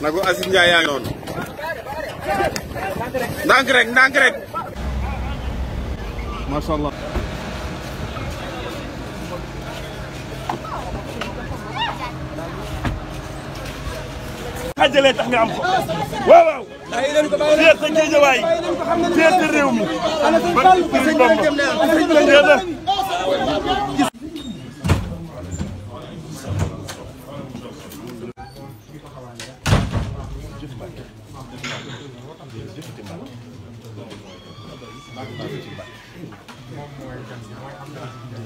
nagu Aziz Ndiaye yaa ngi noonu rek ndànk rek macha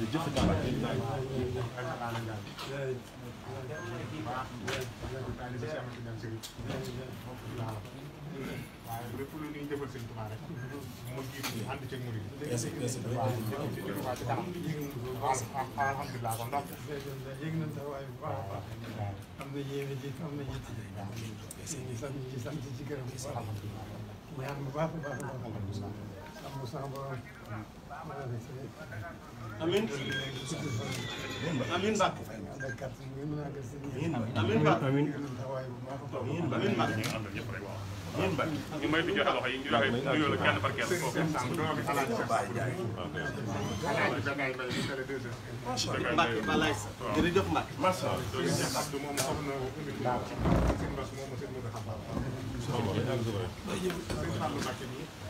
waaye lépp lu ñuy jëfal sëñ Tuubaa rek mu jiitu ñu ànd ceeg murid yi. merci merci waaw waaw alhamdulilah kon ndax. yéeg nañ sax waaye bu baax a baax. am na yéene ji am na yitte ji. ñu ngi sant ci sant ci gërëm. alhamdulilah muy am bu baax a baax a baax. amiin amiin Mbacke amiin Mbacke amiin ñu may di joxe loxo yi ñu joxe nuyoo la kenn par kenn kooku Mbacke Balaye sa jërëjëf Mbacke moom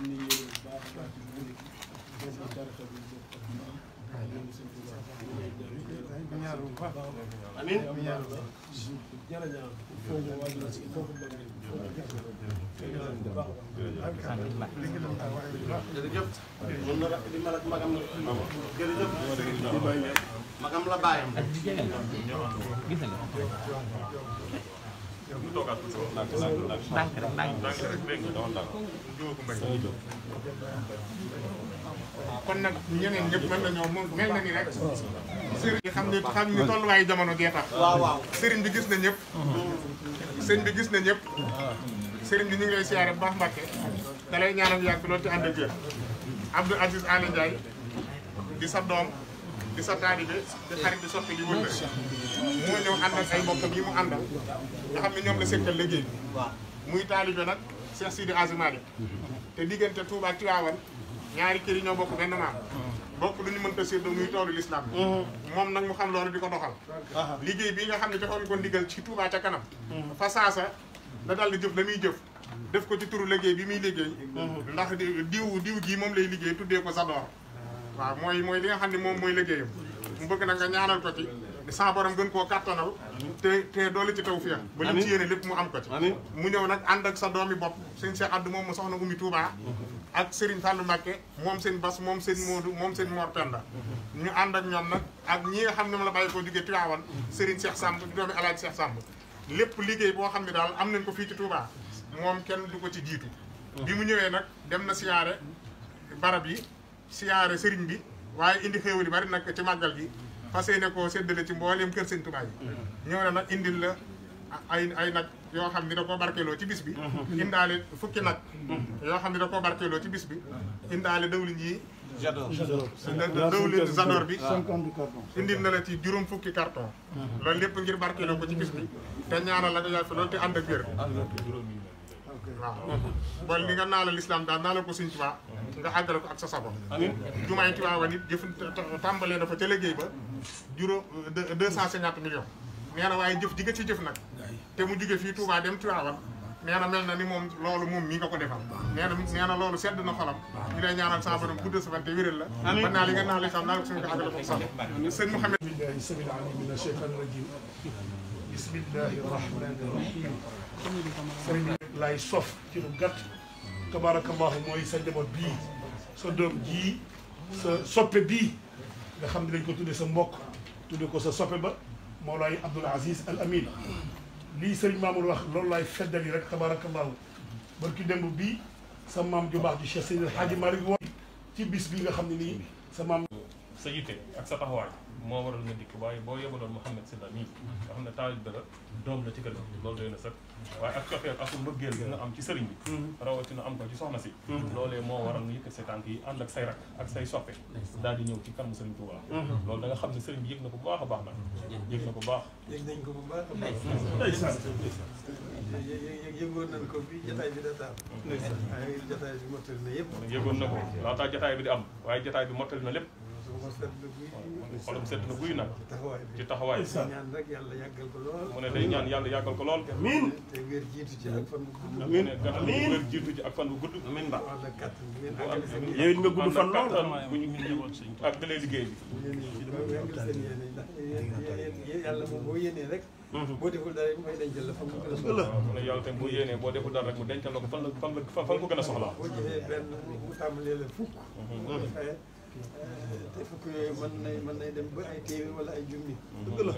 ñu ngi yéen a baax a baax ci guddi gi. yéen a tarixa bi ñu bokk ak maam. yéen a seen tubaab ñu ngi lay jàll a ma la magam la. jërëjëf. la bàyyam. ak jigéen ñi Abdou Aziz Alindjay di sa dom di sa taalibe di xarit di sotti di wënde moo ñëw ànd ak ay mbokk mu àndal nga xam ne ñoom la sekkal liggéey muy taalibe nag Cheikh Sidi Azimali mhm. te diggante Touba ak Tivaouane ñaari kër yi ñoo bokk benn maam mhm. bokk lu ñu mën ta séddoo muy toolu lislaam mhm. moom nag mu xam loolu di ko doxal liggéey bii nga xam ne joxoon ko ndigal ci Touba ca kanam fa saasa la dal di jëf la muy jëf def ko ci turu liggéey bi muy liggéey ndax diw diw jii moom lay liggéey tuddee ko Zador waaw mooy mooy li nga xam ne moom mooy liggéeyam mu bëgg na nga ñaanal ko ci sa gën koo kattanal te te doole ci taw fiya ba lim ci yéene lépp mu am ko ci mu ñëw nag ànd ak sa doomi bopp sëñ Cheikh Abdou moom mu soxna Oumy Touba ak Serigne Fallou Mbacké moom seen Bass moom seen Modou moom seen Mor Penda ñu ànd ak ñoom nag ak ñi nga xam ne mu la bàyyi koo jógee Tivaouane Serigne Cheikh Samb di doomi Alaaji Cheikh Samb lépp liggéey boo xam ne daal am nañ ko fii ci Touba moom kenn du ko ci jiitu bi mu ñëwee nag dem na siyaare barab yi siyaare sëriñ bi waaye indi xéewal yi bari nag ci màggal gi fas yéene koo séddale ci mbooleem kër sëñ Tuubaa yi ñëw na nag indil la ay ay nag yoo xam ne da koo barkeeloo ci bis bi indaale fukki nag yoo xam ne da koo barkeeloo ci bis bi indaale dawlin yi bi indil na la ci juróom fukki carton loolu lépp ngir barkeeloo ko ci bis bi te ñaanal la nga yaay fi loolu te ànd ak wér waaw ba li nga naalal islam daal naalal ko Sëñ Tuubaa nga àggale ko ak sa sago jumaay Tiwaawan it jëf tàmbalee na fa ca liggéey ba juróom deux cent cinquante millions nee na waaye jëf ji ci jëf nag te mu jóge fii Tuubaa dem Tiwaawan nee na mel na ni moom loolu moom mii nga ko defal nee na nee loolu sedd na xolam ñu lay ñaanal sa borom sa fan te wéral la naa li nga naalal islam naalal ko suñ ko àggale ko sago sëñ Mouhamed billahi samil alim min asheytan rajim lay sof ci lu gàtt tabaraqallahu mooy sa njaboot bii sa doom jii sa soppe bii nga xam ne dañ ko tuddee sa mbokk tuddee ko sa soppe ba moolaay abdul aziz al amin lii sëriñ maamul wax loolu laay feddali rek tabaraqallahu barki démb bii sa maam ju baax ju cheikh sëriñ alxaaji malik wo ci bis bi nga xam ne sa maam sa yitte ak sa taxawaay moo waral nga dikk waaye boo yebaloon Mouhamed Sylla mii nga xam ne taalibe la doom la ci kër gi loolu doy na sëkk waaye ak cofeel ak mbëggeel gi nga am ci sëriñ bi mm-hmm. na am ko ci soxna si mm-hmm. loolee moo waral nga yëkkat sa tànk yi ànd ak say rak ak say soppe daal di ñëw ci kanamu sëriñ Touba mm-hmm. loolu da nga xam ne sëriñ bi yëg na ko bu baax a baax nag yëg na ko baax yëg nañ ko baax a nañ ko bi jataay bi da taal jataay bi mottali na yëpp yëgoon na ko laataa jataay bi di am waaye bi mottali na lépp xolam sedd na guy nag ci taxawaay mu ne day ñaan yàlla yàggal ko lool amiin te wér jiitu ci ak fan bu gudd amiin wér jiitu ci fan bu gudd amiin ba yow it nga gudd fan lool ak dalee liggéey bi yàlla moom boo yéenee rek mhm. boo deful dara mu koy la fan ko gën a soxla mu ne boo yéenee boo deful dara rek mu dencal la a soxla la fukk mhm. eh, te fukk yooyu mën nay mën nay dem ba ay téeméer wala ay junni. Mhm. dëgg la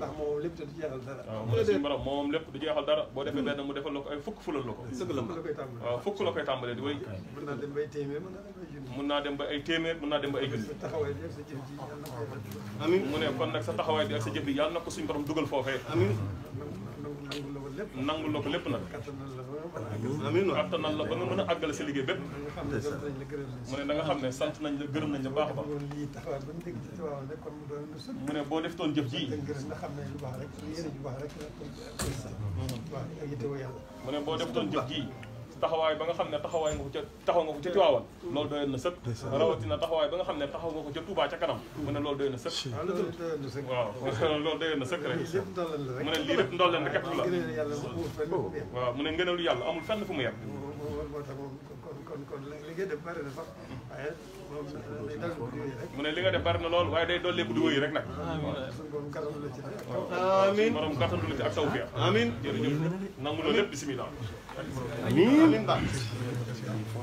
ndax moom lépp te du jeexal dara. waaw mu ne suñu borom moom lépp du jeexal dara boo defee benn mu defal la ko ay fukk fulal la ko. dëgg la koy tàmbalee waaw fukk la koy tàmbalee ah, di wéy. mën naa dem ba ay téeméer mën naa dem ba ay junni. mën naa dem ba ay téeméer mën naa dem ba ay junni. taxawaay bi ak sa jëf ji yàlla na ko amiin mu ne kon nag sa taxawaay bi ak sa jëf ji yàlla na ko suñu borom dugal foofee. amiin nangul la ko lépp nag amiin kattanal la ba nga mën a àggale sa liggéey bépp mu ne da xam ne sant nañ la gërëm nañ baax a mu ne boo def jëf ji mu ne boo def jëf ji taxawaay ba nga xam ne taxawaay nga ko ca taxaw nga ko ca Tiwaawan loolu doyoon na sëkk rawatina taxawaay ba nga xam ne taxaw nga ko ca Touba ca kanam mu ne loolu doyoon na sëkk waaw loolu doyoon na sëkk rek mu ne lii ndol ndolleen rek képp la waaw mu ne ngëneelu yàlla amul fenn fu mu yem moo tax moom kon kon kon li nga def bari mu ne li nga def bari na lool waaye day dolleeku di wéy rek nag. amiin suñu borom kattanu la ci rek. amiin borom kattanu la ci ak tawfeex. amiin jërëjëf nangu na lépp bisimilah. amiin amiin daal.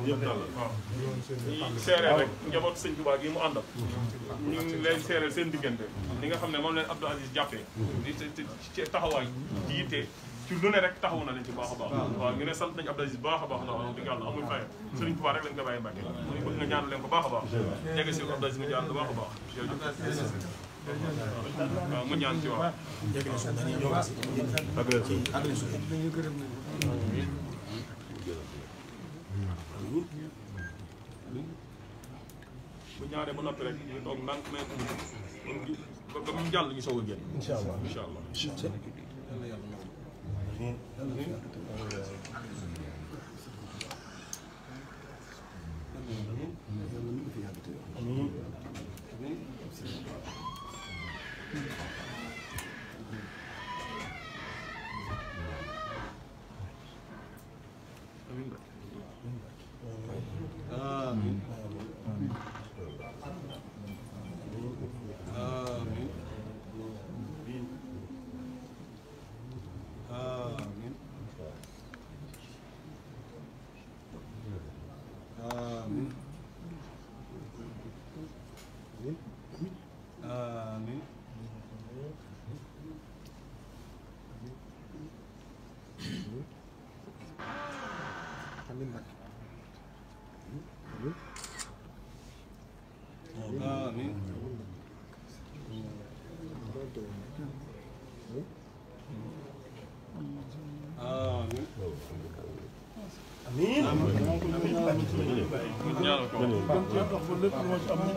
yëpp seeree rek njabootu sëñ Tuubaa gi mu àndal. ñu ngi leen seeree seen diggante. li nga xam ne moom leen Abdou Aziz jàppee. di ci taxawaay di yitte. ci lu ne rek taxaw na leen ci baax baax waaw ñu ah, ne sant nañu Abdou Aziz baax a baax la wax dëgg yàlla amul faye Sëriñ Tuubaa rek lañ ko bàyyi Mbàkke mu ne bëgg nga ñaan leen ko baax a baax jege si Abdou Aziz mu ñaan baax a baax waaw mu ñaan ci waaw bu ñaaree ba noppi rek ñu toog ndànk may ba mu jàll ñu soog a génn incha allah incha allah Amém. Amém. Amém. Amém.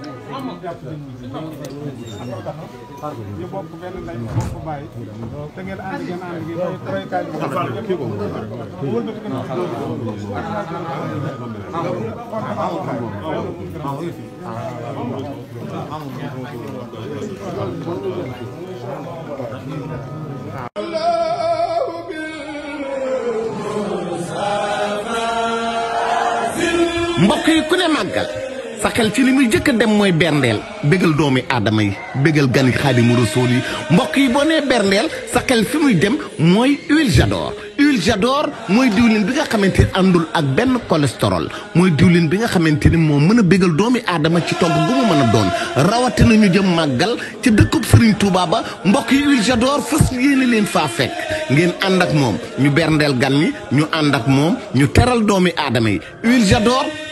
ñu bokk benn lay bokk bàyyi yi ku ne màggal sa xel ci li muy jëkk a dem mooy berndeel bégal doomi aadama yi bégal gani xaadimu rasool yi mbokk yi boo nee berndeel sa xel fi muy dem mooy huile j'adore mooy diwlin bi nga xamante ni àndul ak benn cholestérol mooy diwlin bi nga xamante ni moo mën a bégal doomi aadama ci togg gu mu mën a doon rawatina ñu jëm màggal ci dëkkub Serigne Touba ba mbokk yi huile j'adore fas leen faa fekk ngeen ànd ak moom ñu berndeel gan ñi ñu ànd ak moom ñu teral doomi aadama yi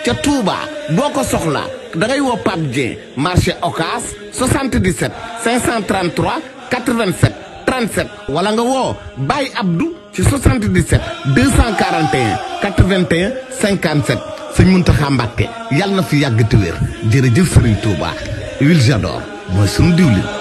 ca Touba boo ko soxlaa da ngay woo Pape Dieng marché Ocass 77 533 87 wala nga woo Baye Abdou ci 77 241 81 57 sëñ Muntaxa Mbàkke yàlla na fi yàgg te wér jërëjëf Serigne Touba huile mooy mooy sunu diwlin.